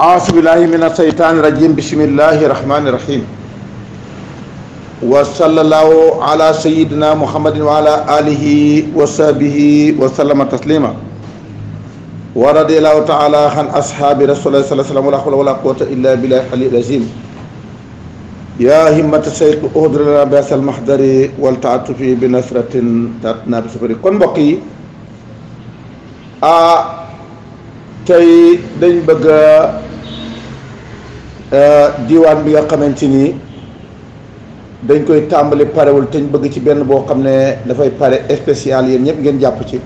أعوذ بالله من الشيطان الرجيم بسم الله الرحمن الرحيم وصلى الله على سيدنا محمد وعلى آله وصحبه وسلم تسليما ورضي الله تعالى عن أصحاب رسول الله صلى الله عليه وسلم ولا حول ولا قوة إلا بالله العلي العظيم يا همة الشيخ أهدر لنا بأس المحضر والتعطف بنصرة تأتنا بسفر كن بقي آه تي دنج بقى Euh, diwaan bi nga xamante ni dañ koy tàmbali parewul te ñu bëgg ci benn boo xam ne dafay pare spécial yéen ñëpp ngeen jàpp ci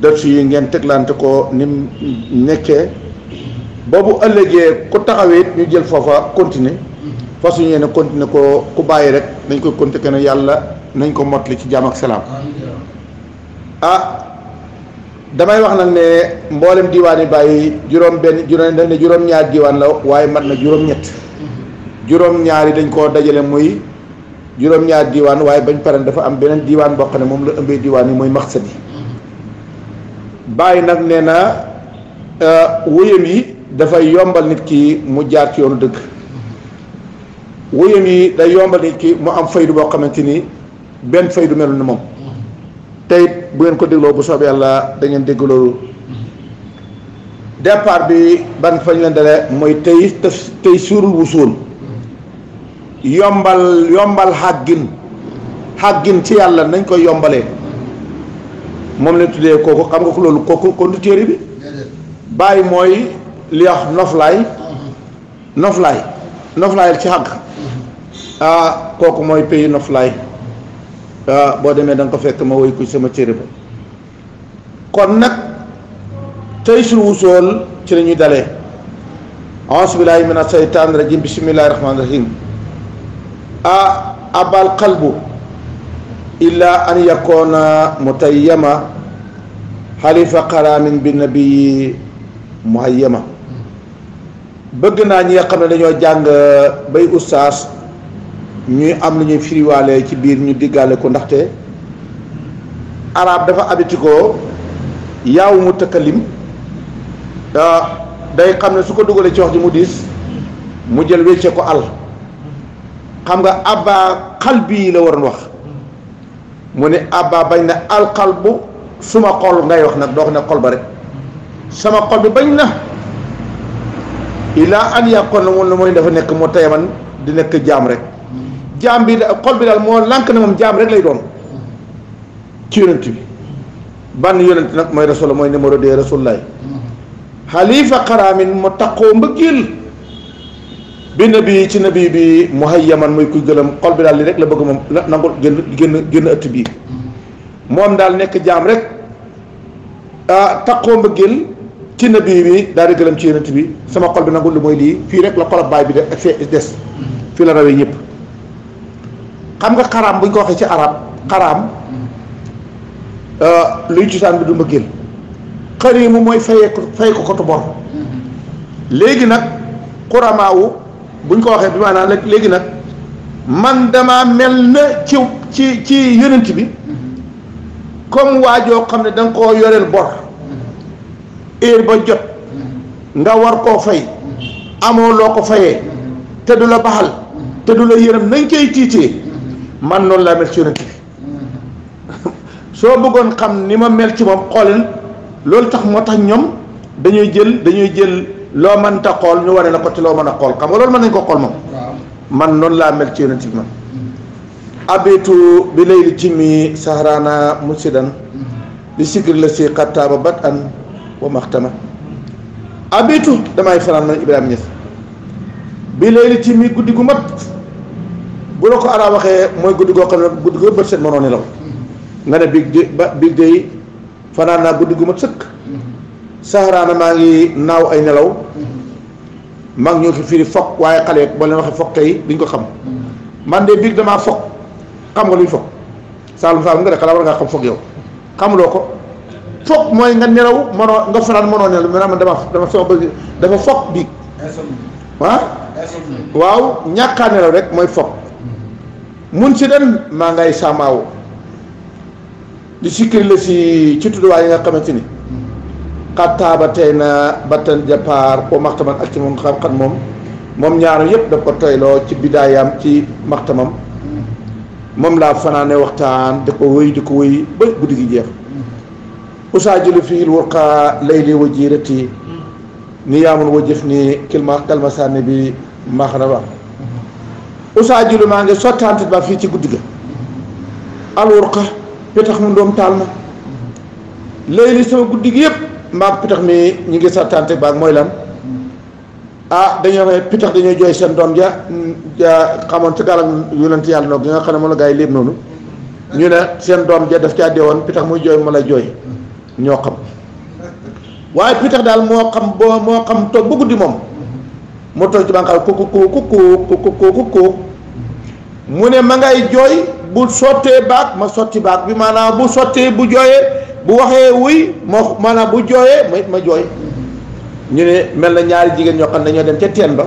dëkk yi ngeen teglante ko ni mu nekkee boobu ëllëgee ku taxawee ñu jël foofa continuer fas yéene continuer ko ku bàyyi rek dañ koy continuer ne yàlla nañ ko mottali ci jàmm ak salaam damay wax nag ne mboolem diwaan yi bàyyi juróom benn juróom dañ ñaari diwaan la waaye mat na juróom-ñett juróom-ñaar dañ koo dajale muy juróom-ñaari diwaan waaye bañ pare dafa am beneen diwaan boo xam ne moom la ëmbee diwaan yi muy maxsad yi bàyyi nag nee na euh, wóyam yi dafay yombal nit ki mu jaar ci yoonu dëgg wóyam yi day yombal nit ki mu am faydu boo xamante ni benn faydu melu ni moom tey bu ngeen ko dégloo bu soob yàlla da ngeen dégg loolu départ bi ban fañ leen dale mooy tey tey suurul wu suul yombal yombal xàggin xàggin ci yàlla nañ koy yombalee moom lañ tuddee kooku xam nga ko loolu kooku conducteur bi bàyyi mooy li wax noflaay noflaay noflaay ci xàgg ah, kooku mooy pays noflaay Ah, boo demee da ko fekk ma woy kuy sama cëri ba kon nag tey sul ci la ñuy dalee auzu billaahi a seytaan rajim bismillaahi rahmaani rahim a ah, abal qalbu illa an yakuna mutayyama xalifa xaraamin bi nabii muhayyama bëgg naa ñi xam ne dañoo jàng ah, bay ustaas ñuy am lu ñuy firiwaale ci biir ñu diggaale ko ndaxte arab dafa abitikoo yaaw mu tëkkalim day xam ne su ko dugalee ci wax ji mu diis mu jël wécce ko àll xam nga xal bii la waroon wax mu ne abba bañ na bu suma xol ngay wax nag doo xam ne xol ba rek sama xol bi bañ na ilaa an yàqoon la moom la mooy dafa nekk moo tey man di nekk jaam rek jaam bi xol bi daal moo lànk na moom jaam rek lay doon ci yonent bi ban yonent nag mooy rasul mooy numéro deux rasulullaay xalifa xaraamin mu taqoo mbëggeel bi ci nabi bi mu hayyaman muy kuy gëlëm xol bi daal li rek la bëgg moom la nangu génn génn génn moom daal nekk jaam rek taqoo mbëggeel ci nabi bi daal di gëlëm ci yonent bi sama xol bi nangu li mooy lii fii rek la xolab baay bi def ak fii la rawee ñëpp xam nga xaraam buñ ko waxee ci arab xaraam euh, luy cosaan bi du mbëggeel xëri mu mooy fayee ko fay ko kotu bor léegi nag xuramaawu buñ ko waxee bi maanaam léegi nag man damaa mel na ci ci ci yonent bi comme waajoo xam ne da nga koo yoreel bor heure ba jot nga war koo fay amoo loo ko fayee te du la baxal te du la yërëm nañ koy tiitee man noonu laa mel ci yonent bi soo bëggoon xam ni ma mel ci moom xooleen loolu tax moo tax ñoom dañuy jël dañuy jël loo mënta xool ñu waree la ko ci loo mën a xool xam nga loolu mën nañ ko xool moom man noonu laa mel ci yonent bi man mm-hmm. abitu bi layli jimi sahraana musidan mm-hmm. li sikri la si xattaaba bat an wa maxtama abitu damay fanaan man Ibrahima Niass bi layli jimi guddi gu mat bu la ko araab waxee mooy guddi goo xam ne guddi goo bët set mënoo nelaw nga ne big di ba big day fanaan naa guddi gu mat sëkk saxaraana maa ngi naaw ay nelaw mag ñoo ki firi fokk waaye xale boo leen waxee fokk tey duñ ko xam man de big damaa fokk xam nga luy fokk saalum saalum nga de xalaat war ngaa xam fokk yow xamuloo ko fokk mooy nga nelaw mënoo nga fanaan mënoo nelaw maanaam man dama dama sama bëgg dafa fokk biig ah waaw ñàkkaa nelaw rek mooy fokk munsidan maa ngay saamaawu di sikkiri la si ci tudduwaay yi nga xamante ni xattaaba tey na battan japaar o maxtaman ak ci moom xam-xam moom moom yëpp daf ko ci bidaayaam ci maxtamam moom laa fanaane waxtaan di ko wéy di ko wéy ba guddi gi jeex usaajilu fii wurqa layli wa jiirati mm. ni yaamun wa jëf ni kilma kalma bi maax na wax usaa julu maa ngi sottante ba fii ci guddi ga alwurqa pitax mu doom taal ma léegi sama guddi gi yëpp mbaam pitax mi ñu ngi sottante ba mooy lan ah dañoo ne pitax jooy seen doom ja xamoon ci galam yonent yàlla noog gi nga xam ne moom la gaa yi léeb noonu ñu ne seen doom ja daf ci dee woon pitax muy jooy ma la jooy ñoo xam waaye pitax daal moo xam boo moo xam toog ba guddi moom mu toll ci bànqaas ku ku ku ku mu ne ma ngay jooy bu sottee baag ma sotti baag bi maanaam bu sottee bu jooyee bu waxee wuy ma maanaam bu jooyee ma ma jooy ñu ne mel na ñaari jigéen ñoo xam ne dañoo dem ca teen ba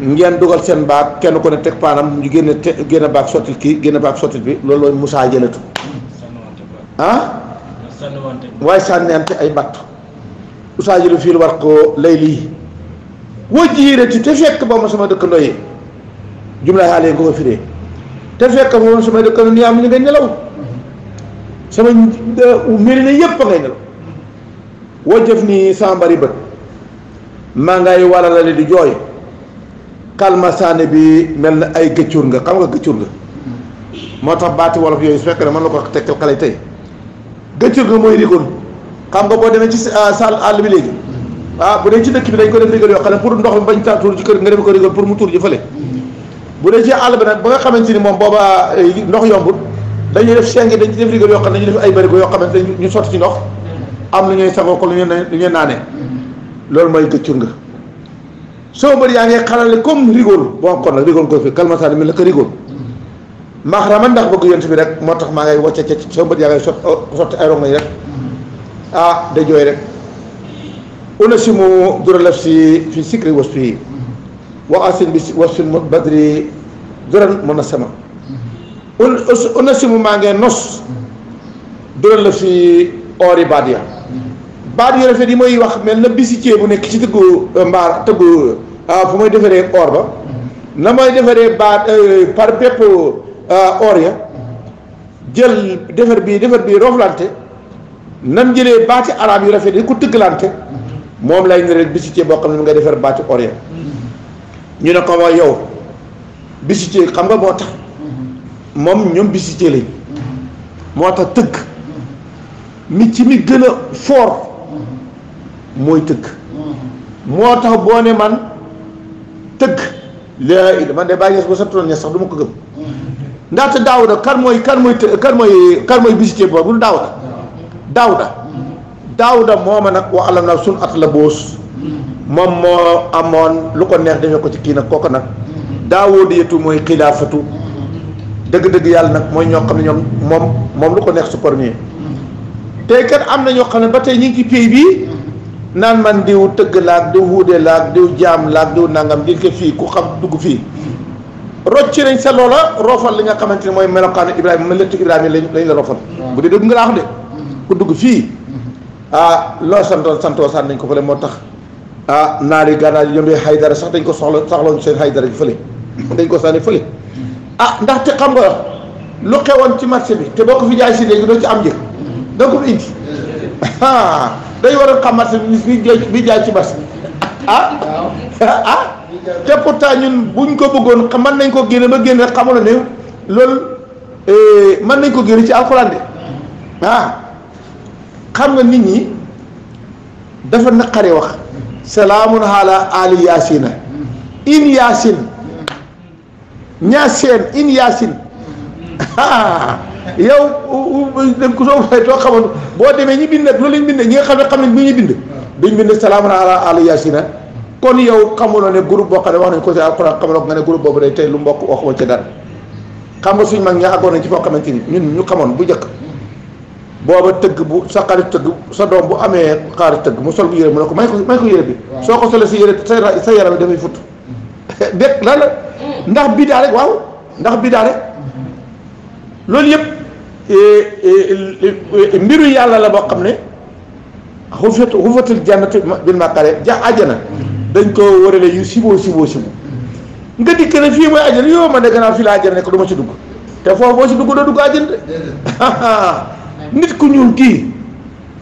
ngeen dugal seen baag kenn ku ne teg paanam ñu génne te génne baag sottil kii génne baag sottil bi loolu mooy musaa jëlatu ah waaye sànniwante ay batt usaa jëlu fii lu war ko lay lii wa jiirati te fekk ba ma sama dëkkandoo yi jumla xaale yi ko ko firee te fekk ba ma sama dëkkandoo nii am ñu nga nelaw sama mbiri ne yëpp a ngay nelaw wa jëf nii sambari bët maa ngay walala di jooy kalma saane bi mel na ay gëccur nga xam nga gëccur nga moo tax baati wolof yooyu su fekkee ne mën na ko tegtal xale tey gëccur nga mooy rigoon xam nga boo demee ci saal ah, àll bi léegi ah bu dee ci lëkk bi dañ ko def rigole yoo ne pour ndox mi bañ taa tuur ci kër nga def ko rigole pour mu tuur ji fële bu dee ci àll bi nag ba nga xamante ni moom booba eh, ndox yombul dañuy def seng yoo xam ne dañuy def ay bërigo yoo xamante ñu sotti ci ndox am lu ñuy sagoo ko lu ñuy lu ñuy naane loolu mooy gëccur nga soo bëri yaa ngi xalale comme rigole boo kon nag rigole ko fi kalmasaan mi la ko rigole maxarama ndax bëgg yonent bi rek moo tax maa ngay wacca ca soo bëri yaa ngay sotti ay rongoñ rek ah da jooy rek unasimu dura nafsi fi sikri wasfi wa asin bi wasfin mu badri duran munasama unasimu maa ngee nos dura nafsi ori baadiya baat yu rafet yi mooy wax mel na bisi bu nekk ci tëggu euh, mbaar tëggu euh, fu may defaree or ba na may defaree baat euh, par bépp or ya jël defar bii defar bi rooflante nam jëlee baati arab yu rafet yi ku tëggalante moom lay niroog bijoutier boo xam ne mu nga defar baatu orient ñu ne ko wa yow bijoutier xam nga moo tax moom ñoom bijoutier lañ moo tax tëgg mi ci mi gën a fort mooy tëgg moo tax boo ne man tëgg léegi man de bàyyi ñes bu santoon ñes sax du ma ko gëm ndaxte daawuda kan mooy kan mooy kan mooy kan mooy bijoutier boobu du daawuda daawuda daawuda mooma nag wa alam na sun at la boos moom moo amoon lu ko neex defee ko ci kii nag kooku nag daawoo di yetu mooy xilaafatu dëgg-dëgg yàlla nag mooy ñoo xam ne ñoom moom moom lu ko neex su premier tey kat am na ñoo xam ne ba tey ñu ngi ci pays bii naan man diw tëgg laag diw wuude laag diw jaam laa diw nangam di ko fii ku xam dugg fii rocci nañ sa loola roofal li nga xamante ne mooy melokaanu Ibrahima ma léttu Ibrahima lañ lañ la roofal mm. bu dee dëgg ah loo santoon santoo sant nañ ko fële moo tax ah naari gànnaar yi ñoom yooyu sax dañ ko soxla soxloon seen xaydara ji fële dañ ko sànni fële ah te xam nga lu xewoon ci marché bi te boo ko fi jaay si léegi doo ci am njëg da ko fi indi ah dañu war a xam marché bi bi jaay ci marché ah, ah ah te pourtant ñun buñ ko bëggoon mën nañ koo génne ba génne xamul ne loolu eh, mën nañ ko génne ci alxuraan de ah. xam nga nit ñi dafa naqari wax salaamun ala ali yaasina in yaasin ñaaseen in yaasin yow danga ko soo waxee too xamoon boo demee ñi bind nag loolu lañ bind ñi nga xam ne xam nañ bi ñu bind biñ bind salaamun ala ali yaasina kon yaw xamuloo ne groupe boo xam ne wax nañ ko ci alquran xamuloo nga ne groupe boobu day tey lu mbokk waxuma ci dara xam nga suñ mag ñaa àggoon nañ ci foo xamante ni ñun ñu xamoon bu njëkk booba tëgg bu sa xarit tëgg sa doom bu amee xarit tëgg mu sol bu yére mu ne ko may ko may ko yére bi soo ko solee sa yére sa yaram dafay fut dégg lan la mm. ndax biddaa rek waaw ndax biddaa rek loolu yëpp eh, eh, eh, mbiru yàlla la boo xam ne xufat jànn jannati ma makare ja àjjana dañ ko warale yu siboo siboo sibu nga dikk ne fii mooy àjjana yoo man de gannaaw fii la àjjana ne ko du ci dugg te foofu boo ci dugg doo dugg àjjana de nit ku ñuul kii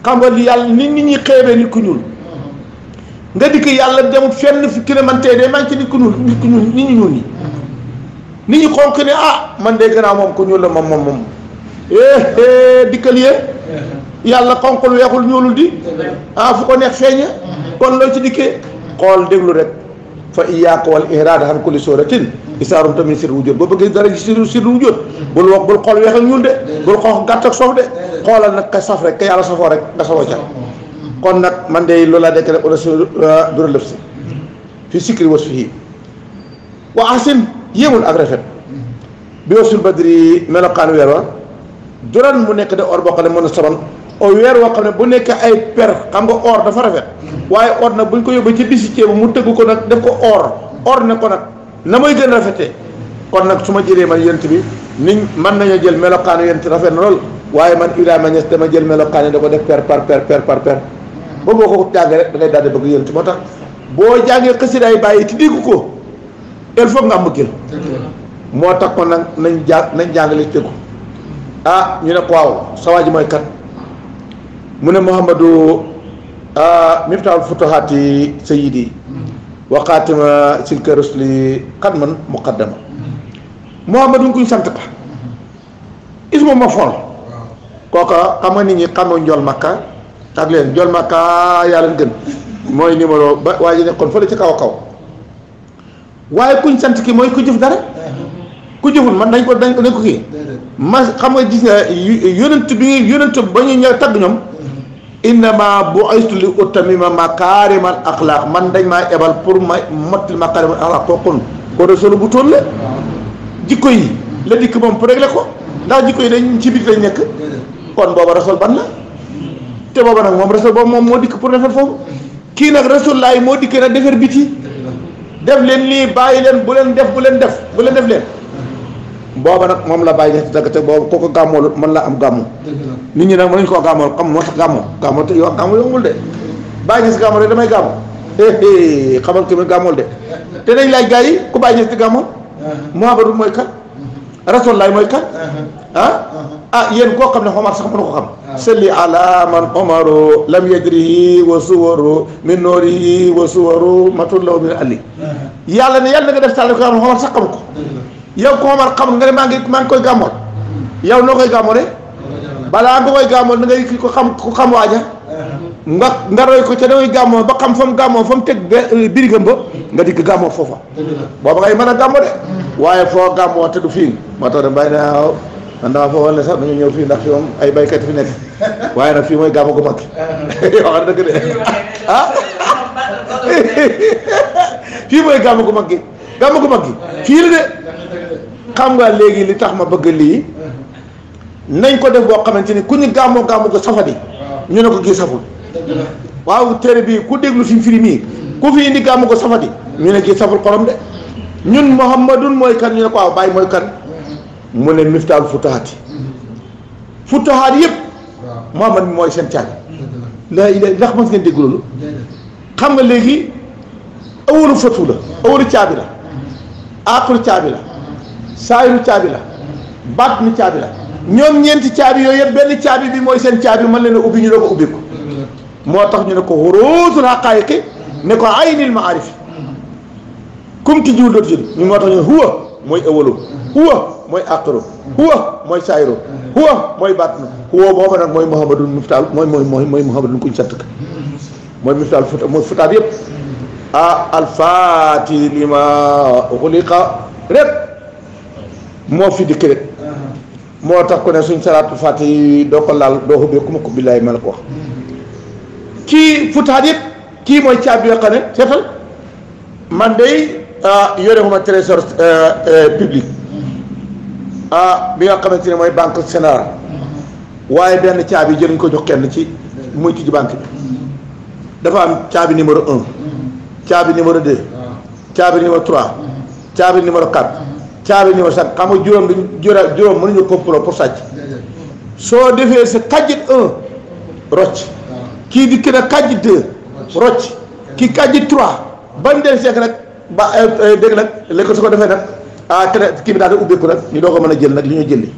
xam nga yàlla nit nit ñi xeebee nit ku ñuul nga dikk yàlla demul fenn fi ki ne man tey de maa ngi ci nit ku ñuul nit ku ñuul nit ñu ñuul ñi nit ñi xonk ne ah man de gannaaw moom ku ñuul la moom moom moom eh, eh dikkal yee yàlla xonqul weexul ñuulul di ah fu ko neex feeña mm-hmm. kon loo ci dikkee xool déglu rek fa iyyaaka wal ihraada an kulli suratin isaarum tamit sir wujjóot boo bëggee dara si sir wujjóot bul wax bul xool weex ñuul de bul xool gàtt ak soof de xoolal nag ka saf rek ka yàlla safoo rek nga safoo ca kon nag man de loolu laa dekk rek wala si lëf si fi sikri was fii wa ahsin yéemul ak rafet bi wasul badri melokaan weer wa ah. juran mu nekk de or boo mën a saban o weer woo xam ne bu nekk ay per xam nga or dafa rafet waaye or nag buñ ko yóbbee ci bisi ceebu mu tëgg ko nag def ko or or ne ko nag na mooy gën rafete kon nag su ma jëlee man yent bi niñ mën nañoo jël melokaanu yent rafet na lool waaye man ma Niass dama jël melokaan yi da ko def per par per per par per ba boo ko jàngee rek da ngay daal di bëgg yent moo tax boo jàngee xasidaay bàyyi ci dégg ko il faut nga am gël moo tax kon nag nañ jàng nañ jàngale tëggu ah ñu ne ko waaw sa ji mooy mu ne muhammadu miftaaxul futuhaati sayidi wa xaatima silka rusli xadman ma muhammadu kuñ sant la ismu ma fool kooka xam nga nit ñi xamuñ njool makka ak leen njool makka yaa leen gën mooy numéro ba waaye ji nekkoon fële ci kaw kaw waaye kuñ sant ki mooy ku jëf dara ku jëful man dañ ko dañ ko dañ kii ma xam nga gis nga yonent bi yonent ba ñu ñëw tagg ñoom innama bu'istu li utammima makaarimal axlaaq man dañ maa ebal pour ma mottali makaarimal axlaaq kooku kon koo de bu toon la jikko yi la dikk moom pour régler ko ndax jikko yi dañ ci biir lañ nekk kon booba rasul ban la te booba nag moom rasul boobu moom moo dikk pour defar foofu kii nag laa laay moo dikkee nag defar biti def leen lii bàyyi leen bu leen def bu leen def bu leen def leen booba nag moom la bàyyi ñax dagg te boobu kooku gàmmool mën la am gàmmu nit ñi nag mënuñ koo gàmmool xam moo tax gàmmu gàmmu te gàmmool damay gàmmu eh, eh, xamal ki gàmmool te dañ laaj gars yi ku bàyyi ñax di gàmmool uh-huh. Muhammadu mooy kan uh-huh. rasul laay mooy kan uh-huh. ah ah koo xam ne xomar sax mënu ko xam salli ala man omaro lam yajrihi wa suwaru min noorihi wa suwaru yàlla ne yàlla na nga def sàll ko xam ne sax ko yow ko xam nga ne maa ngi maa ngi koy gàmmool yow noo koy gàmmoolee balaa nga koy gàmmool da ko xam ko xam waaja nga nga roy ko ca da ngay gàmmoo ba xam fa gàmmoo fa mu teg euh, birigam ba nga dikk gàmmoo foofa booba ngay mën a gàmmoo de waaye foo gàmmoo te du fii moo tax da bàyyi na ah, waaw man damaa foo ne sax nañu ñëw fii ndax fi moom ay baykat fi nekk waaye nag fii mooy gàmmu gu mag wax dëgg de ah fii mooy gàmmu gu mag gi gàmmu ko mag gi fii de xam nga léegi li tax ma bëgg lii nañ ko def boo xamante ni ku ñu gàmmoo gàmmu ko safadi ñu ne ko gii saful waaw téere bii ku déglu fi firi mii ku fi indi gàmmu ko safadi ñu ne gii saful xorom de ñun Muhammadun mooy kan ñu ne ko waaw Baye mooy kan mu ne Miftaahu Futahaati Futahaat yëpp Muhammad mi mooy seen caabi laa ilaa ndax mas ngeen dégg loolu xam nga léegi awalu fatu la awalu caabi la aaqlu caabi la saayiru caabi la baat ni caabi la ñoom ñeenti caabi yooyu yëpp benn caabi bi mooy seen caabi mën leen a ubbi ñu doo ko ubbi moo tax ñu ne ko xuruusul xaqaayiqi ne ko aynil maarif kum ki jiwul dootu jël ñu moo tax ñu ne huwa mooy awalum huwa mooy aqru huwa mooy saayiru huwa mooy baat na huwa booba nag mooy muhammadul muftaal mooy mooy mooy mooy kuñ sant ka mooy muftaal futaat yëpp ah alfaati lima xuliqa rek moo fi dikk rek moo tax ku ne suñ salaatul faati yi doo ko laal doo xubbee ku ma ko billaay ma la ko wax kii futaat yëpp kii mooy caabi yoo xam ne seetal man day ah, yore xuma trésor eh, eh, public ah, bi nga xamante ne mooy banque générale waaye benn caabi jël nga ko jox kenn ci muy tijji banque bi dafa am caabi numéro un caabi numéro de ah. caabi numéro 3 mm-hmm. caabi numéro 4 mm-hmm. caabi numéro 5 xam nga juróom duñ juróom mënuñu complot pour sàcc soo defee sa kàjjit 1 rocc ah. kii dikk na kàjjit 2 rocc kii kàjjit 3 ban del seek nag ba eh, eh, dégg nag léegi ko su ko defee nag ah keneen kii bi daal di ubbeeku nag ñu doo ko mën a jël nag li ñu jëli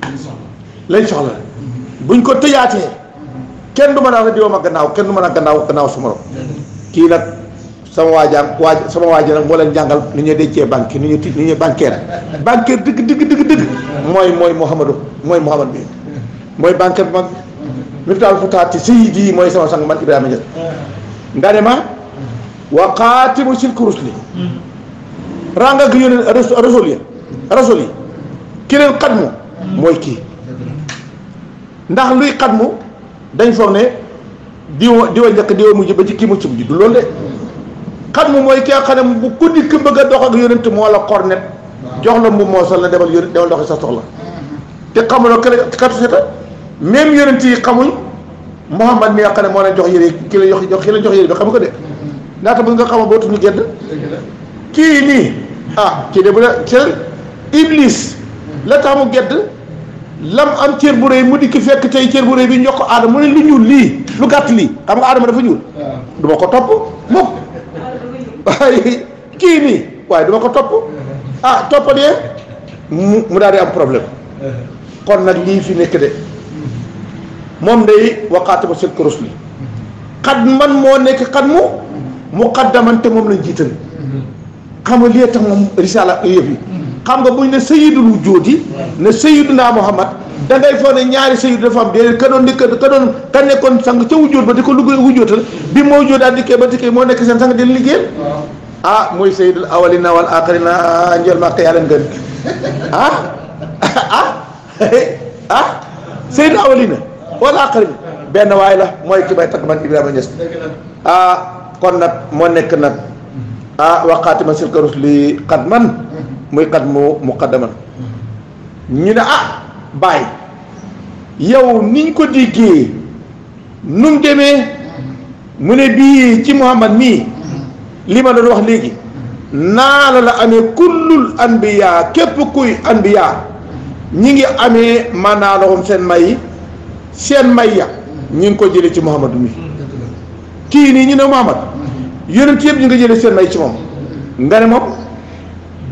lañ soxla mm-hmm. buñ ko tëjaatee kenn du mën a wax ne diwoom gannaaw kenn du mën a gannaaw gannaaw su morom kii nag sama waajaam waaj sama waajo nag moo leen jàngal ni ñuy dencee banque ni ti ni ñuy bancaire bancaire dëgg dëgg dëgg dëgg mooy mooy Mouhamadou mooy Mouhamad bi mooy bancaire mag miftaal futaati mooy sama sang man Ibrahima Niass ndaane ma wa qaatimu silku rusli ranga gi yóneen rasul yi rasul yi ki leen xadmu mooy kii ndax luy xadmu dañ foog ne diwa diwa njëkk diwa mujj ba ci kii mucc mujj du loolu de xam kan moy ki xanam bu ku dikk bëgg a dox ak yonent mo la cornet jox la mo moosal la debal yonent demal doxi sa soxla te xamuloo kene katu seta même yonent yi xamuñ muhammad mi nga xam ne moo jox yere ki la jox ki la jox yere bi xam ko de naata bu nga bo tu ñu gedd ki ni ah ki de bu la sel iblis la tax mu gedd lam am cër bu reuy mu dikk fekk tay cër bu reuy bi ñokk adam mu ne lu ñu li lu gatt li xam nga adam dafa ñuul du ko topp waaye kii nii waaye dama ko topp ah toppatee mu mu daal di am problème kon nag lii fi nekk de moom day waxaate ba sëkk rusli xat man moo nekk xat mu muqaddamante moom lañ jiital xam nga li tax moom risaala yëf yi xam nga buñ ne sayidul wujjóoti ne sayiduna muhammad da ngay ne ñaari sëy dafa am déedéet ka di nekkoon sang ca wujjóot ba di ko lugg wujjóotal bi moo wujjóot daal dikkee ba dikkee moo nekk seen sang di liggéeyal ah muy sayyidul awwalina wal axirina njël ma yaa ah, ah, ah, benn waay la mooy ki may takk man Ibrahima Niass kon nag moo nekk nag ah waqaati ma silka rusli xat man muy xat mu muqaddaman ñu ne ah baay yow niñ ko déggee nu mu demee mu ne bii ci Muhammad mii li ma doon wax léegi naala la amee kullul anbiya képp kuy anbiya ñi ngi amee maanaaloxum seen may seen may ya ñi ngi ko jëlee ci Muhammad mi kii nii ñu ne Muhammad yonent yëpp ñu ngi jëlee seen may ci moom nga ne moom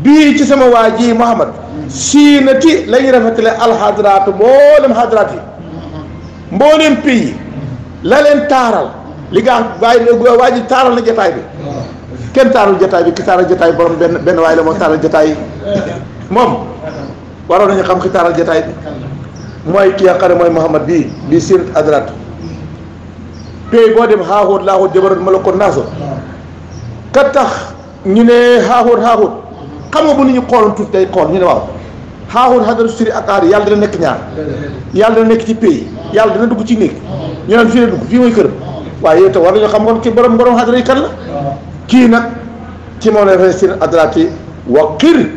bii ci sama waa ji Muhammad siinati la ñuy rafetale alxadraatu mboolem xadraat yi mboolem pays la leen taaral li nga xam waaye ji taaral na jataay bi kenn taaral jataay bi ki taaral jataay borom benn benn waay la moo taaral jataay moom waroon nañu xam ki taaral jataay bi mooy ki nga xam mooy Muhammad bii bii siinati adraatu pays boo dem xaaxóot laaxóot jabaroon ma la ko naaso ka tax ñu ne xaaxóot xaaxóot xamoo bu nit ñi xooloon tuuti day xool ñu ne waaw xaaxoon xadaru suri ak aar yàlla dina nekk ñaar yàlla dina nekk ci pays yàlla dina dugg ci néeg ñu naan fii la dugg fii mooy këram waaye yow te war nañoo xam kon ki borom borom xadara yi kii nag ci moom la seen adrati wa xir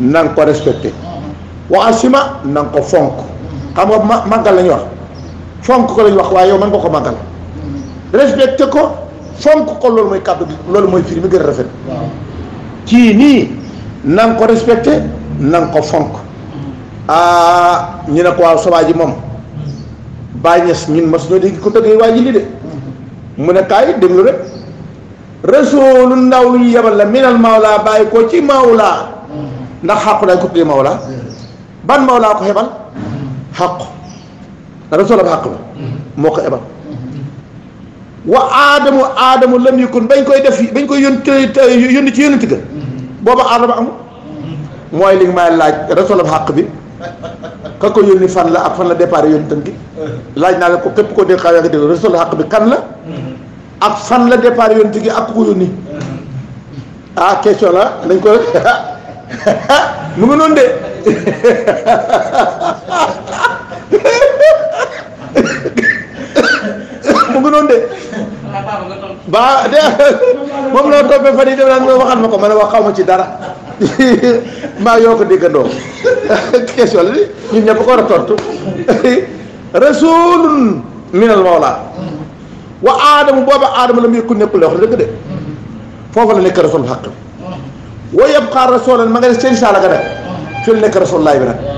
na nga ko respecté waxa sima na nga xam nga ma màggal la ñu wax fonk ko la wax waaye yow mën nga ko màggal respecté ko fonk ko loolu mooy kàddu gi loolu mooy firi mi gën a rafet kii nii na ko respecte nang ko fonk ah ñu ne ko waaw sobaa ji moom bàyyi ñes ñun mas ñoo dégg ko dëggee waa ji li de mu ne kaay déglu rek rasoolu ndaw lu ñu yebal la minal mawlaa bàyyi ko ci mawlaa ndax xàqu lañ ko tuddee mawlaa ban mawlaa ko xebal xàqu rasool ab xàq moo ko ebal wa aadamu aadamu lam kon bañ koy def bañ koy yónni yónni ci yónniti ga booba aadama amul mooy li nga may laaj rasulam xàq bi ka ko yónni fan la ak fan la départ yónnitam gi laaj naa ko képp ko dégg rasul xàq bi fan la départ yónniti gi ak ko yónni ah question la nañ ko mu ngi noonu de waaw de moom loo toppee fan yii dem naa waxal ma ko ma ne wax ma ci dara maa yoo ko déggandoo question la ni ñun ñëpp ko war a tontu rasulun minal mawla wa aadama booba aadama la muy ku nekkul ne wax dëgg de foofu la nekk rasul xaq wa yabqa rasulan ma nga ne seen ga nag fi la nekk rasul laay bi nag.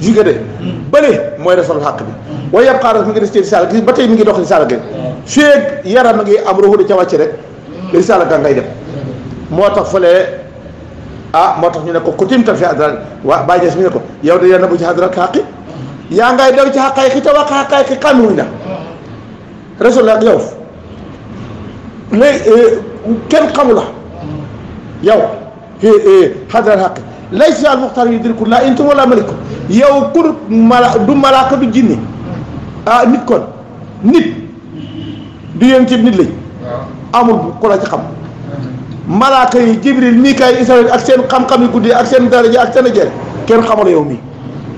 jugéde hmm. bële mooy resal xàq bi way hmm. yam xaaras mi ngi des ci risaala gi ba tey mi ngi dox risaala gi hmm. feeg yaram a ngi am ruuxu a ca wàcc rek risaala ga ngay dem moo tax fële ah moo tax ñu ne ko ku timtal fi adra waa bàyyi ñes mi ne ko yow de yàlla bu ci adra xàqi yaa ngay daw ci xàqaay ki te wax xàqaay ki xàmmiwuñ ليس المختار يدرك لا انتم ولا ملككم يو كور دو ملاك دو جيني ا آه، نيت كون نيت دي ينت نيت لي امول كولا تي خام ملاك جبريل ميكائيل اسرائيل اك سين خام خامي غودي اك سين دارجي اك سين جير كين خامل يوم مي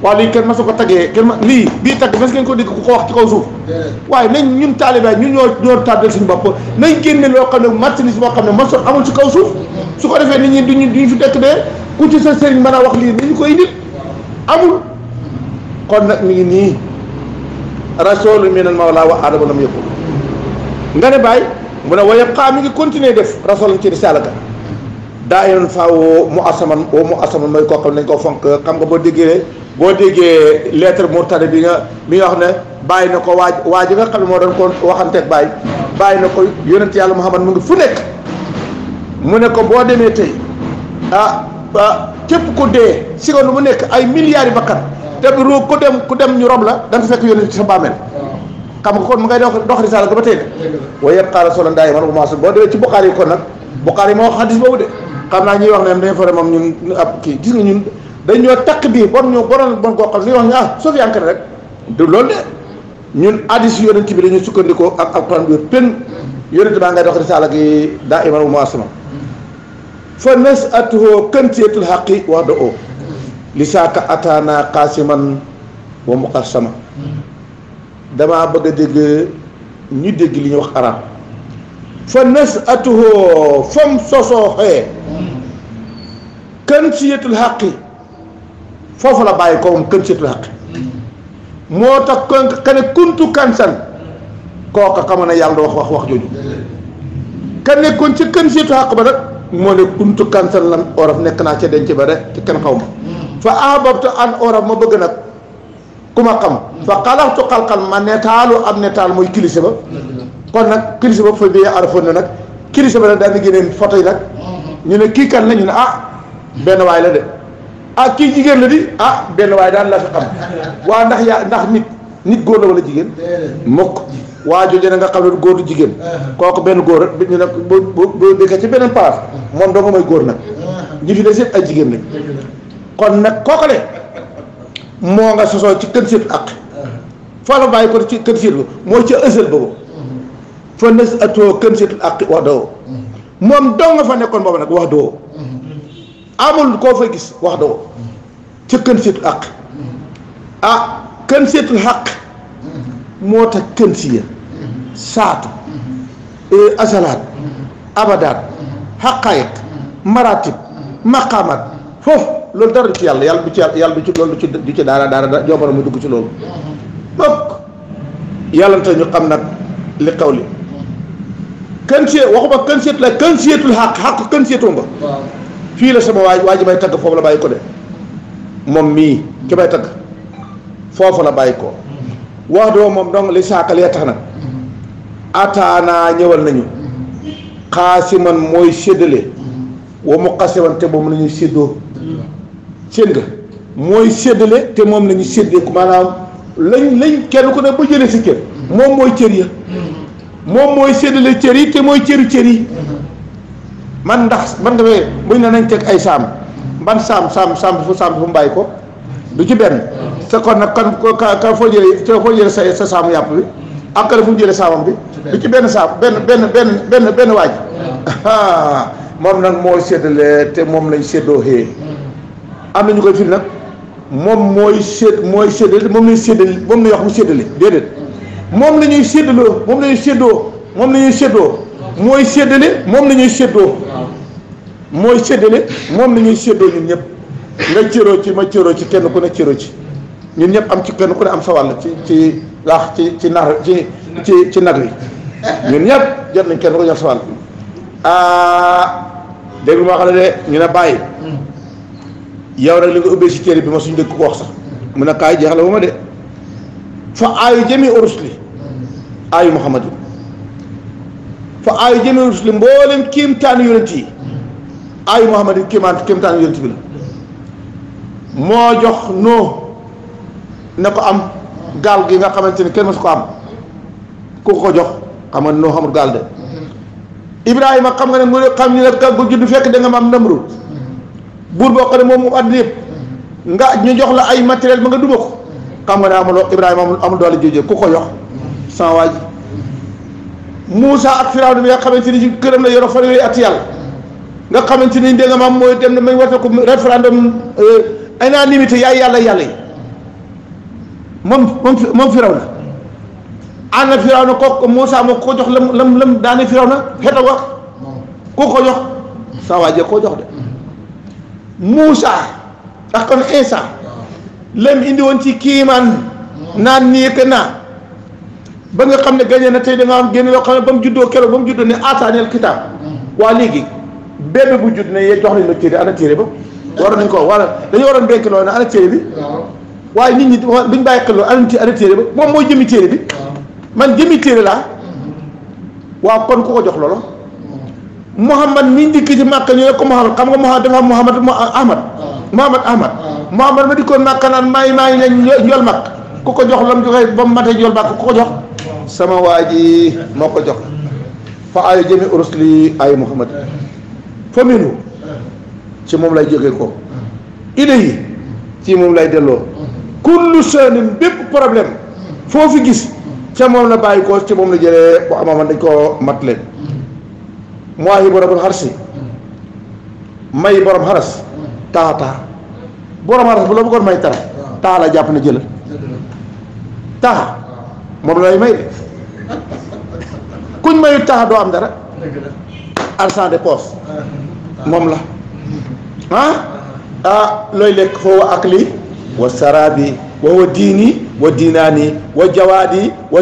وادي كين ما سوكو تاغي كين لي بي تاغ فاس كين كو ديك كو واخ تي كو زوف واي نين نيم طالبان ني نيو نور تابل سين بوب نين كين نين لو خامل ماتني سو خامل ما سو امول سو كو زوف سو كو ديفه نين ني دي ني في تك دي ku ci sa sëriñ mën a wax lii ni ñu koy nit amul kon nag mi ngi nii rasoolu minal mawla wa aadama lam yëkkul nga ne bàyyi mu ne wa yabqa mi ngi continuer def rasool ci risaala daa yoon faa mu asaman woo mu asaman mooy koo xam ne dañ xam nga boo déggee boo déggee lettre murtada bi nga bi nga wax ne bàyyi na ko waaj waaj nga xam ne moo doon ko waxanteeg bàyyi bàyyi na ko yonent yàlla Muhammad mu ngi fu nekk mu ne ko boo demee tey ah, képp ko dee si nga nu nekk ay milliards yi bakkan te roo ko dem ku dem ñu rob la da nga fekk yónni ci sa bàmmeel xam nga kon mu ngay dox dox risaala ko ba tey de waaye yëpp xaaral solo boo demee ci Buxaari yi kon nag Buxaari yi moo wax xam naa ñuy wax neen dañu fa moom ñun ab kii gis nga ñun dañ ñoo takk bii bon ñu bonoon bon koo xam li wax ñu ah soo fi yankane rek du loolu de ñun addis yonent bi dañu sukkandikoo ak alquran bi pen yonent baa ngay dox risaala gi daa iman bu fa nas'atuhu kantiyatul haqqi wax da oo lisaaka ataana qaasiman wa muqassama damaa bëgg a dégg ñu dégg li ñu wax arab fa nas'atuhu fam sosoo xee kantiyatul haqqi foofu la bàyyi ko moom kantiyatul moo tax kon kane kuntu kansan kooka xamoon ne yàlla wax wax jooju ka nekkoon ca kantiyatul haqqi ba nag moo ne kuntu kansan lan oraf nekk naa ca denc ba de te kenn xaw ma fa ahbabtu an oraf ma bëgg nag ku ma xam fa xalaxtu xalxal ma netaalu am netaal mooy kilise ba kon nag kilise ba fa biyee arafoon na nag kilise ba nag daal di génneen photo yi nag ñu ne kii kan la ne ah benn waay la de ah kii jigéen la di ah benn waay daan la fi xam waa ndax yaa ndax nit nit góor la wala jigéen mokk waa jooju na nga xam ne góor du jigéen uh-huh. kooku benn góor bi ñu nag bu bu bu ci beneen place moom doo nga mooy góor nag uh-huh. ñi fi des yëpp ay jigéen lañ kon nag kooku le moo nga sosoo ci kën siit ak foo la bàyyi ko ci ci ësël boobu uh-huh. fa ak wax doo moom doo nga fa nekkoon boobu nag wax doo amul koo fa gis wax doo ci kën siit ak ah kën siitul moo tax kën si ya saatu eh, asalaat abadaat xaqaayiq maratib maqaamaat foofu loolu dara du ci yàlla yàlla du ci yàlla du ci loolu du ci du mu dugg ci loolu donc yàlla te ñu xam nag li xaw li kën sie waxuma kën seetu la kën seetul xàq xàq fii la sama waaj waa ji may tagg foofu la bàyyi ko de moom mii ki may tagg foofu la bàyyi ko hmm. wax doo moom donc li saakal ya tax nag ataanaa ñëwal nañu xaasiman mooy séddale wa mu xasiman te moom lañuy ñuy séddoo seen nga mooy séddale te moom la ñu séddeeku maanaam lañ lañ kenn ku ne ba jëlee si cër moom mooy cër ya moom mooy séddale cër yi te mooy cëru cër yi man ndax man dafay buñ ne nañ teg ay saam ban saam saam saam fu saam fu mbàyyi ko du ci benn sa kon nag kan ka foo jëlee foo jëlee sa sa saamu yàpp bi àqale fu mu jëlee saabam bi du ci benn saab benn benn benn benn benn waaj hmm. ah, moom nag moo séddale te moom lañ séddoo xëyee hmm. am nañu koy firi nag moom mooy sédd mooy séddale moom lañ séddale moom la wax mu séddale déedéet hmm. moom la ñuy séddaloo moom la ñuy séddoo moom la ñuy séddoo mooy séddale moom la ñuy séddoo mooy séddale moom la ñuy séddoo ñun ñëpp nga cëroo ci ma cëroo ci kenn ku ne cëroo ci ñun ñëpp am ci kenn ku ne am sa wàll ci ci laax ci ci nar ci ci nag wi ñun ñëpp jot nañ kenn ku ko jot sawal ah dégg maa xam de ñu ne bàyyi yow rek li nga ubbee si bi ma suñu dégg ko wax sax mu ne kaay jeexal wu ma de fa aayu jëmi urusli aayu muhammadu fa aayu jëmi urusli mboolem kiimtaanu yonent yi aayu muhammadu kiimaan kiimtaanu yonent bi la moo jox noo na ko am. gaal gi nga xamante ni kenn mësu ko am ku ko jox xam nga noo xamul gaal de Ibrahima xam nga ne mu xam ñu ne gaal bu juddu fekk danga nga ma am ndamru buur boo xam ne moom mu àddina yëpp nga ñu jox la ay matériel ma nga duma ko xam nga ne amuloo Ibrahima amul doole jooju ku ko jox sans waaj nga xamante ni këram la yoro fanweeri nga xamante ni da ma mooy dem na ko référendum euh, unanimité yàlla yàlla yi. moom moom moom firaw na ànd ak firaw na kooku Moussa moo ko jox la lam lam daane firaw na xeet a wax ku ko jox saa waajee koo jox de Moussa ak kon Insa lam indi woon ci kiimaan naan nii que naa ba nga xam ne gañe na tey da nga am yoo xam ne ba mu juddoo keroog ba mu juddoo ne aataaneel kitaab waa léegi bébé bu judd ne jox nañ la téere ana téere ba waroon nañ ko wala dañu waroon bénk loolu ne ana téere bi waaye nit ñi duñ bàyyi xel loolu ana moom mooy jëmi téere bi man jëmi téere laa waaw kon ku ko jox loolu Mouhamad mi ndikk ci Màkka ñu ne ko Mouhamad xam nga Mouhamad Ahmad Mouhamad Ahmad Mouhamad ma dikkoon Màkka naan maay maay ne njool mag ku ko jox lam joxe ba mu matee njool mag ku ko jox sama waa ji moo ko jox fa ay jëmi urusli ay Mouhamad fa minu ci moom lay jógee ko hmm. idée yi ci moom lay delloo kullu shay'in bépp problème foo fi gis ca moom la bàyyi ko ca moom la jëlee bu amaaman dañ koo mat leen muwaahibu rabbul xarsi may borom xaras taa taa borom xaras bu la bëggoon may jàpp na jëlal taa moom lay may de doo am dara argent de poche moom la ah, ah looy lekk foofu ak lii والسرابي وهو ديني وديناني وجوادي wa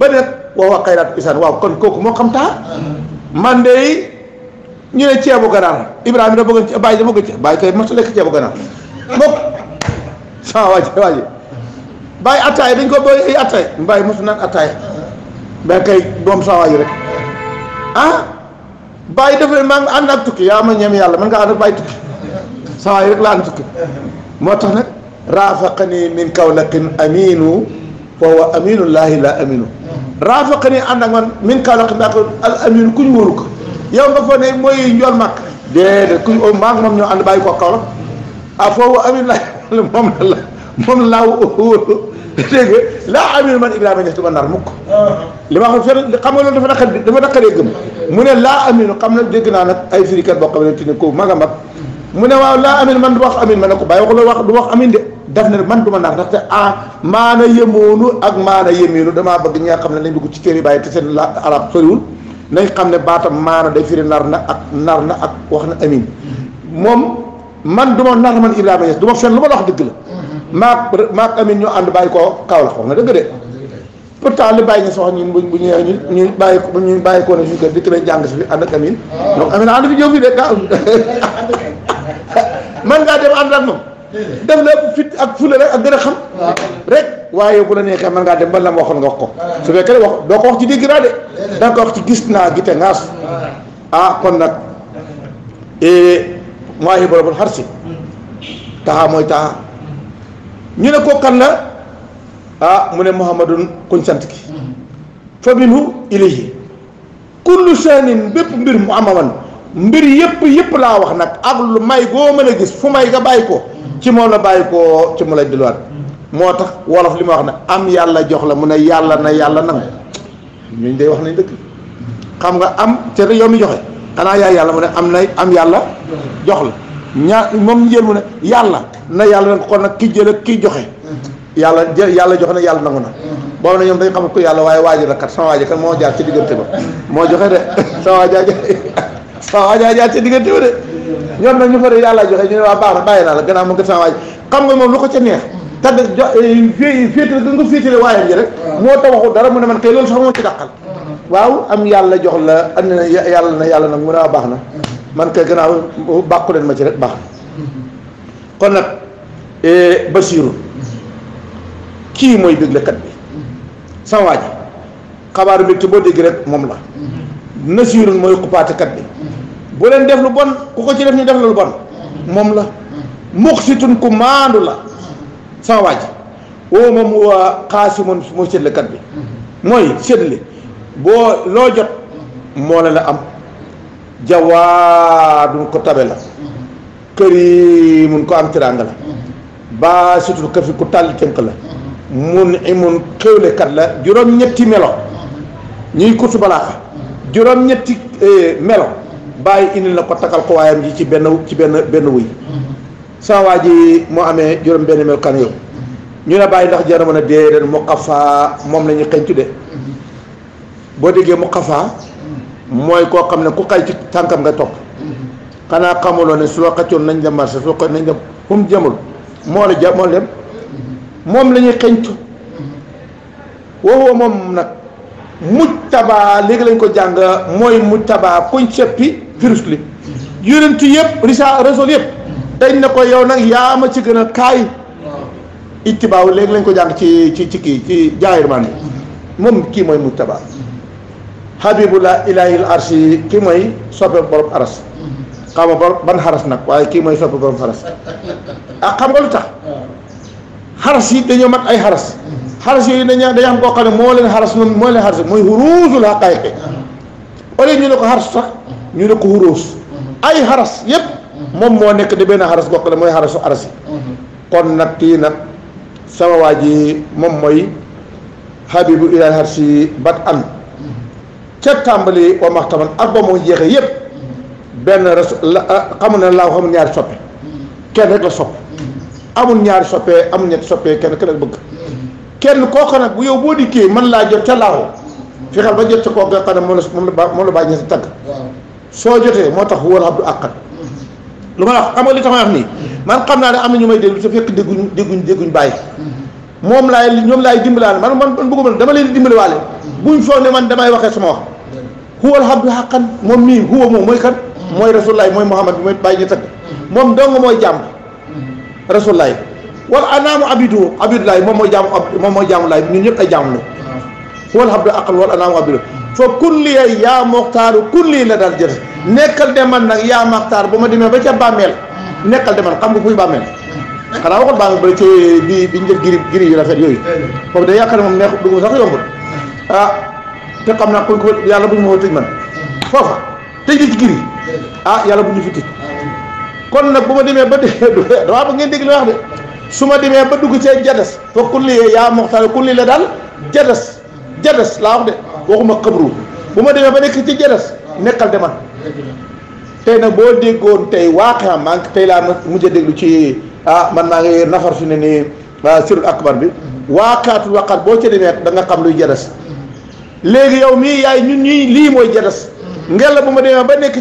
بدت وهو خيرات إسان واو كن كوكو مو خمتا man de ñu ne ceebu ganaar Ibrahima da bëggoon ci bàyyi da bëgg ci bàyyi kay mos lekk ceebu ganaar mokk sama waaj waaj bàyyi attaay dañ ko booy ay attaay bàyyi mos naan attaay mais kay moom sama waaj rek ah bàyyi dafa maa ngi ànd tukki yaa ma ñem yàlla man nga ànd ak bàyyi tukki saa waay rek laa ànd tukki moo tax nag رافقني من كولك أمين فهو أمين الله لا أمينه رافقني أنا من من كولك الأمين كن يورك يوم بفني موي نجول مك déedéet ku ñu maa ngi moom ñoo ànd bàyyi ko kaw la ah foofu amin la moom la moom laa wóolu dégg nga laa amin man Ibrahima Niass dama nar mukk li ma xam fenn xam nga loolu dafa naqari dafa naqaree gëm mu ne laa amin xam na dégg naa nag ay firikat boo xam ne ci ne ko mag a mag mu ne waaw laa amin man du wax amin ma ne ko bàyyi wax loolu wax du wax amin de daf ne man du ma naax te ah maana yemoonu ak maana yemeenu damaa bëgg ñi xam ne nañ dugg ci téere bàyyi te seen la arab soriwul nañ xam ne baatam maana day firi nar na ak nar na ak wax na amin moom man du ma nar man Ibrahima Niass du ma fenn lu ma wax dëgg la maak maak amin ñoo ànd bàyyi koo kaw la wax na dëgg de pourtant li bàyyi ñu wax a ñu bu ñëwee ñun ñu bàyyi ko ñu bàyyi koo ne suñu kër dikk nañ jàng si fi ànd ak amin oh. donc amin ànd fi jóg fi de man ngaa dem ànd ak moom dem la fit ak fula rek ak gën a xam rek waaye bu la neexee mën ngaa dem ba lam waxoon nga wax ko su fekkee doo ko wax ci dégg naa de da ko wax ci gis naa gi ngaas ah kon nag e, maa yi ne ko kan la ah mu ne muhammadun kuñ sant ki mm-hmm. fa minhu ilayhi kullu shay'in bépp mbir mu amaman mbir yëpp yëpp laa wax nag ak lu may goo mën a gis fu may nga bàyyi ko ci moom la bàyyi ko ci mu lay delluwaat moo tax wolof li ma wax ne am yàlla jox la mu ne yàlla na yàlla nangu ñooñu day wax nañ dëkk xam nga am te yow mi joxe xanaa yaay yàlla mu ne am na am yàlla jox la moom jël mu ne yàlla na yàlla nangu kon nag ki jël ak ki joxe yàlla jël yàlla joxe na yàlla nangu na boobu na ñoom dañ xam ko yàlla waaye waaji la kat sama waaji kat moo jaar ci diggante ba moo joxe de sama waajaa joxe sama waaj a jaar ci diggante bi de ñoom nag ñu fari yàlla joxe ñu ne waa baax na bàyyi naa la gannaaw mu ngi sama waaj xam nga moom lu ko ca neex tadde jo eh, féetale gën ko féetale waayam rek moo tax waxu dara mu ne man kay loolu sax moo ci dàqal waaw am yàlla jox la am na yàlla na yàlla nag mu ne baax na man kay gannaaw bàkku leen ma ci rek baax na kon eh, mooy déglekat bi sama waaj xabaar moom la Nasiirun mooy xupaatekat bi bu leen def lu bon ku ko ci def ñu def la lu bon moom la muqsitun ku maandu la sama waaj oo moom waa xaasimun mooy seetlekat bi mooy seetle boo loo jot moo la la am jawaadun ko tabe la kërimun ko am tiraanga la baa sutul kafi ku tàll tënk la mun imun xewlekat la juróom-ñetti melo ñuy kurtu balaaxa juróom-ñetti eh, melo bàyyi indi la ko takkal ko waayam ji ci benn ci benn benn wuy saa waa ji moo amee juróom benn mel kan yow ñu ne bàyyi ndax jar mën a déedéet mu xafaa moom la ñu xencu de boo déggee mu xafaa mooy koo xam ne ku xay ci tànkam nga topp xanaa xamuloo ne su la xëccoon nañ dem marché su la xëccoon nañ dem fu mu jëmul moo la ja moo dem moom la ñuy xencu woowoo moom nag mujtabaa léegi lañ ko jàng mooy mujtabaa kuñ seppi virus li yonent yëpp risa rasul yëpp dañ na ko yow nag yaa ma ci gën a kaay ittibaaw léegi lañ ko jàng ci ci ci kii ci jaayirman bi moom kii mooy mujtaba habibullah ilahil arsi kii mooy soppe borom aras xam nga ban xaras nag waaye kii mooy soppe borom xaras ak ah, xam nga lu tax xaras yi dañoo mat ay xaras xaras yooyu dañu dañu xam koo xam ne moo leen xaras moom moo mooy xuruusul xaqaayiqi ñu ne ko xaras sax ñu ne ko xuruus ay xaras yépp moom moo nekk di benn xaras bokk la mooy xarasu aras yi kon nag kii nag sama waa ji moom mooy habibu ilal harsi bat an ca tàmbali wa maxtaman ak ba mu jeexee yépp benn ras ah, xamul ne laaw xamul ñaari soppe kenn rek la sopp amul ñaari soppee amul ñetti soppee kenn kenn bëgg kenn koo xam ne bu yow boo dikkee mën laa jot ca laaw fexeel ba jot ca kooku nga xam moom la moom la bàyyi ñetti tagg soo jotee moo tax wala abdu àqan lu ma wax xam nga nii man xam naa ne am na ñu may déglu te fekk dégguñ dégguñ dégguñ bàyyi moom laay ñoom laay dimbalaale man man man bëgguma dama leen di dimbaliwaale buñ foog ne man damay waxee sama wax huwal abdu àqan moom mii huwa moom mooy kan mooy rasulaay mooy muhammad bi mooy bàyyi ñu tagg moom dong mooy jàmm rasulaay wala anaamu abidu abidulaay moom mooy jaamu ab moom mooy jaamu laay ñëpp ay jaamu la huwal abdu àqan wala anaamu abidu fa kulliyay yaa moxtaaru kulli la daal jël nekkal de man nag yaa moxtaar ba ma demee ba bàmmeel nekkal de xam nga fuy bàmmeel xanaa ba ci bi bi ñu def giri giri rafet yooyu foofu day yaakaar moom neex dugg sax yombul ah te xam yàlla bu ñu ma ko tëj man ah, yàlla bu ñu fi tëj bu ma demee ba dee waaw ba su ma demee ba dugg cee jadas fa kulliyay yaa moxtaaru kulli la daal jadas jadas laa wax de waxuma xabru bu ma demee ba nekk ci jaras nekkal demal tey nag boo déggoon tey waaqiam maa tey laa mujj a déglu ci ah man maa ngi nafar fi ne nii ah, sirul akbar bi waaqaatul waqaat boo ca demee da nga xam luy jaras léegi yow mii yaay ñun ñii lii mooy jaras ngela bu ma demee ba nekk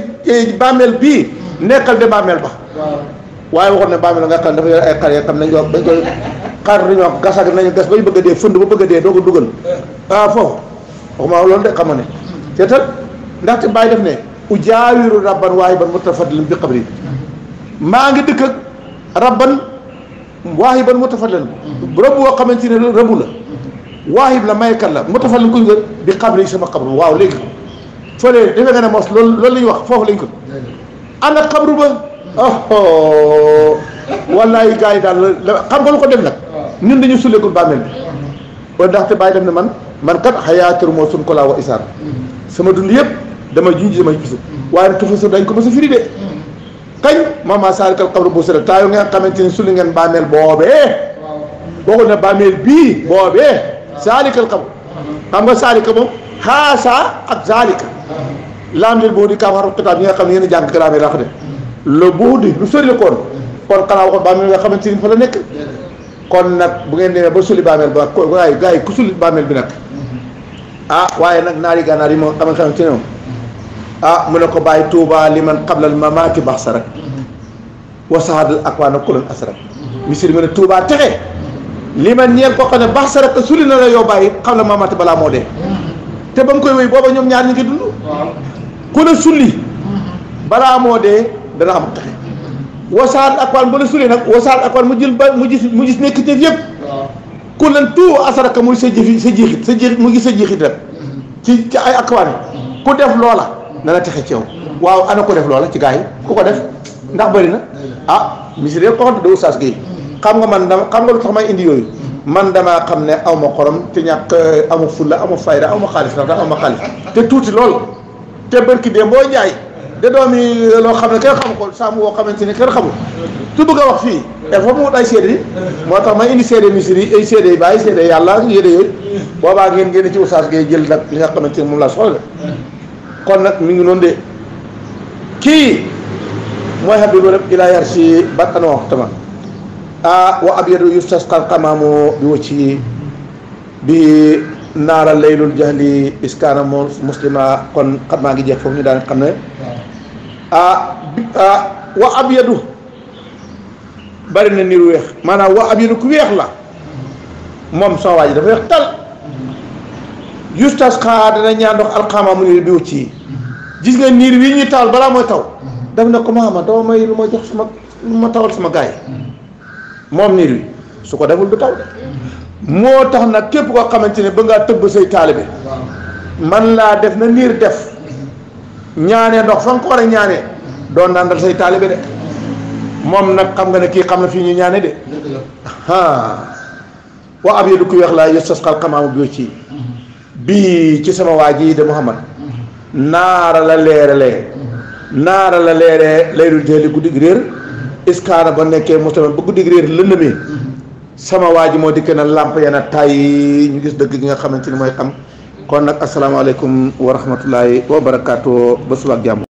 bàmmeel bii nekkal de bàmmeel ba waaye waxoon ne bàmmeel nga xam dafa yor ay xar yoo xam nañ ko dañ koy xar dañoo gas ak nañu gas bay bëgg a dee fund ba bëgg a dee doo ko dugal ah foofu waxuma loolu de xam nga ne te tal ndaxte bàyyi def ne ujaawiru rabban waahiban mutafaddilan bi qabri maa ngi dëkk ak rabban waahiban mutafaddilan rëbb woo xamante ne rëbb la waahib la maykat la mutafaddilan kuñ ko bi qabri sama qabru waaw léegi fële defe nga ne mos loolu loolu wax foofu lañ ko ana qabru ba oh wallaay yi daal la xam nga lu ko def nag ñun dañu suleekul bàmmeel bi ndaxte bàyyi def ne man man kat hayatur moo sun kolaa wa isar sama dund yeb dama junj damay bisu waaye nag tafasur dañ ko ma firi de kañ mama salikal xabru bu sëra taa yu ngeen xamante ni ngeen bamel bobé boko ne bàmmeel bii boobee saalikal xabru xam nga saalika moom xaasa ak saalika laam leen boo di kaam xaru kitaab nga xam ne jang a jàng grammaire rax de le boo lu sori le kon kon kala waxoon bàmmeel nga xamanteni fa la nek kon nak bu ngeen demé ba suli bamel ba gay gay ku suli bamel bi nak ah waaye nag naari gànnaar yi moom amal xam ci ñoom ah mu ne ko bàyyi tuuba li man xablal mamaaki bax sa rek wa saxaadal ak waa na kuloon asarak misir mu ne tuuba texe li man ñeel koo xam ne bax sa rek suli na la yow bàyyi xam mamaati balaa moo dee te ba mu koy wéy booba ñoom ñaar ñu ngi dund ku la sulli balaa moo dee dana am texe wa saxaadal ak waan ba sulli nag wa saxaadal ak waan mu jël ba mu gis mu gis nekk teef yëpp ku leen tout asaraka muy sa jëfi sa jiixit sa jiixit mu ngi sa jiixitam ci ci ay akwaani ku def loola nana texe ci yow waaw ana ko def loola ci gars yi ku ko def ndax bëri na ah misiri ko xam ne saas gi xam nga man dama xam nga lu tax may indi yooyu man damaa xam ne aw ma xorom te ñàkk amu fulla amu fayda aw ma xaalis ndax aw ma xaalis te tuuti lool te bërki dee boo jaay de doom loo xam ne kenn xamu ko sàmm woo xamante ne kenn xamul su bëgg a wax fii e faut mu wut ay seede yi moo tax ma indi seede misir yi ay seede yi bàyyi seede yàlla yéede yooyu boobaa ngeen génn ci oustaz ngay jël nag li nga xamante ni moom laa soxla kon nag mi ngi noonu de kii mooy habibu rek ilaa yar si ban an wax tama ah wa abyadu yustasqal qamaamu bi wacci bi naara laylul jahli iskaana muslima kon xam maa ngi jeex foofu ñu daan xam wa ab yadu bari na niir weex maanaa wa ab yadu ku weex la moom sama waa ji dafa weex tal justas xaa dana ñaan ndox alxaama mu bi wut ci gis nga niir wi ñuy taal balaa mooy taw daf ne ko maama dama may lu ma jox suma lu ma tawal sama gaay moom niir wi su ko deful du taw moo tax na képp koo xamante ne ba ngaa tëbb say bi man laa def na niir def ñaanee ndox fa nga ko war a ñaanee doon nandal say taalibe de moom nag xam nga ne kii xam na fii ñu ñaane de a wa ab yadu ku weex laa yustasqal xamaamu bi ci bii ci sama waa ji de Muhammad naara la leeralee naara la leeree lay dul jeeli guddi gi réer iskaana ba nekkee mustama ba guddi gi réer lënd mi sama waa ji moo dikkee na làmp yana tay ñu gis dëgg gi nga xamante ni mooy xam kon nag asalaamaaleykum wa rahmatulahi wa barakaatu ba subaak jàmm